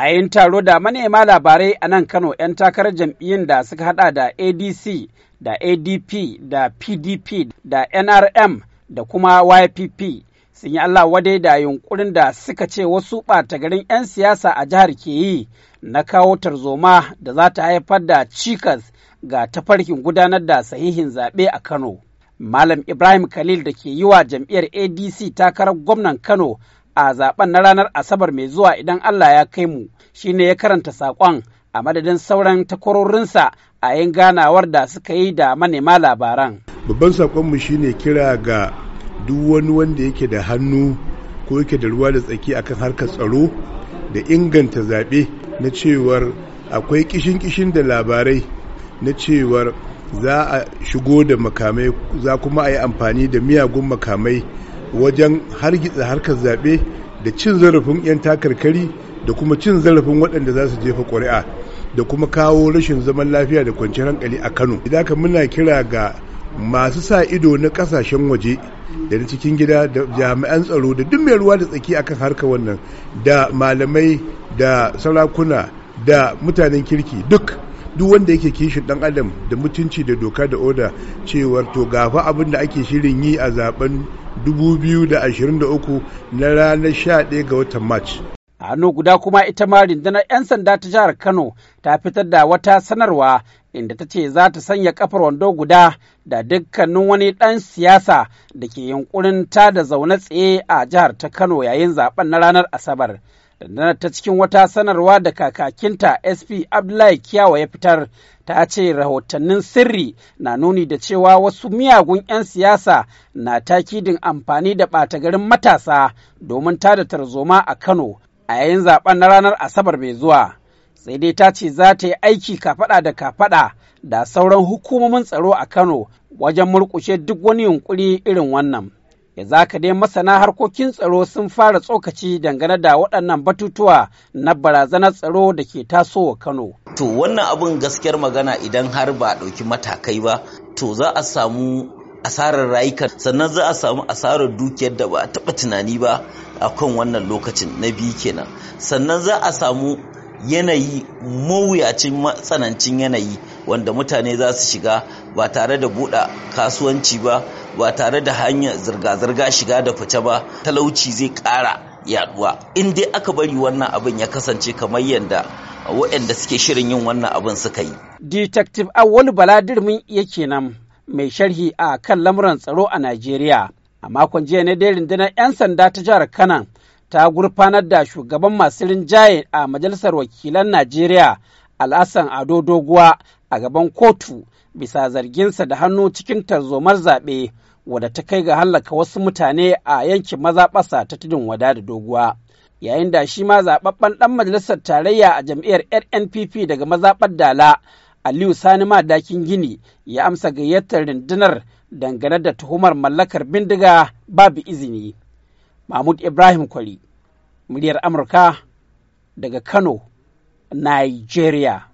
a yayin taro da manema labarai a nan kano 'yan takarar jam'iyyun da suka hada da adc da adp da pdp da nrm da kuma ypp sun yi allah wadai da yunkurin da suka ce wasu ɓata garin 'yan siyasa a jihar ke yi na kawo tarzoma da za ta haifar da cikas ga tafarkin gudanar da sahihin zaɓe a kano malam ibrahim khalil da ke yi wa jam'iyyar adc takarar gwamnan kano a zaben na ranar Asabar mai zuwa idan Allah ya kai mu shine ya karanta saƙon a madadin sauran takwarorinsa a yin ganawar da suka yi da manema labaran. Babban saƙonmu shine kira ga duk wani wanda yake da hannu ko yake da ruwa da tsaki akan harkar tsaro da inganta zaɓe na cewar akwai kishin-kishin da labarai na cewar za a shigo da makamai za kuma a yi amfani da miyagun makamai wajen hargitsa harkar zaɓe da cin zarafin 'yan takarkari da kuma cin zarafin waɗanda za su jefa ƙuri'a da kuma kawo rashin zaman lafiya da kwanciyar hankali a kano idan ka muna kira ga masu sa ido na ƙasashen waje da na cikin gida da jami'an tsaro da duk mai ruwa da tsaki akan harkar wannan da malamai da sarakuna da mutanen kirki duk duk wanda yake kishin dan adam da mutunci da doka da oda cewar to gafa abin da ake shirin yi a zaben 2023 na ranar 11 ga watan march a hannu guda kuma ita ma rundunar 'yan sanda ta jihar kano ta fitar da wata sanarwa inda ta ce za ta sanya kafar wando guda da dukkanin wani ɗan siyasa da ke yunkurin ta da zaune tsaye a jihar ta kano yayin zaben na ranar asabar na ta cikin wata sanarwa da kakakinta sp abdullahi kiyawa ya fitar ta ce rahotannin sirri na nuni da cewa wasu miyagun 'yan siyasa na takidin amfani da ɓata garin matasa domin tada tarzoma a kano a yayin zaben na ranar asabar mai zuwa sai dai ta ce za ta yi aiki kafaɗa da kafaɗa da sauran hukumomin tsaro a kano wajen murkushe duk wani yunkuri irin wannan. ya zaka dai masana harkokin tsaro sun fara tsokaci dangane da waɗannan batutuwa na barazanar tsaro da ke tasowa kano to wannan abin gaskiyar magana idan har ba a ɗauki matakai ba to za a samu asarar rayuka sannan za a samu asarar dukiyar da ba a taɓa tunani ba a kan wannan lokacin na biyu kenan sannan za a samu yanayi mawuyacin matsanancin yanayi wanda mutane za su shiga ba tare da buɗe kasuwanci ba ba tare da hanyar zirga-zirga shiga da fice ba talauci zai ƙara yaduwa in dai aka bari wannan abin ya kasance kamar yadda waɗanda suke shirin yin wannan abin suka yi. Detective Awol Baladirmin yake nan mai sharhi a kan lamuran tsaro a Najeriya. A makon jiya ne dai rundunar 'yan sanda ta jihar Kano ta gurfanar da shugaban masu rinjaye a majalisar wakilan Najeriya al'asan ado doguwa a gaban kotu bisa zarginsa da hannu cikin tarzomar zaɓe wadda ta kai ga hallaka wasu mutane a yankin mazaɓasa ta tudun wada da doguwa yayin da shi ma zaɓaɓɓen ɗan majalisar tarayya a jam'iyyar nnpp daga mazaɓar dala aliyu sani ma madakin gini ya amsa gayyatar rundunar dangane da tuhumar mallakar bindiga babu izini mahmud ibrahim kwari muryar amurka daga kano Nigeria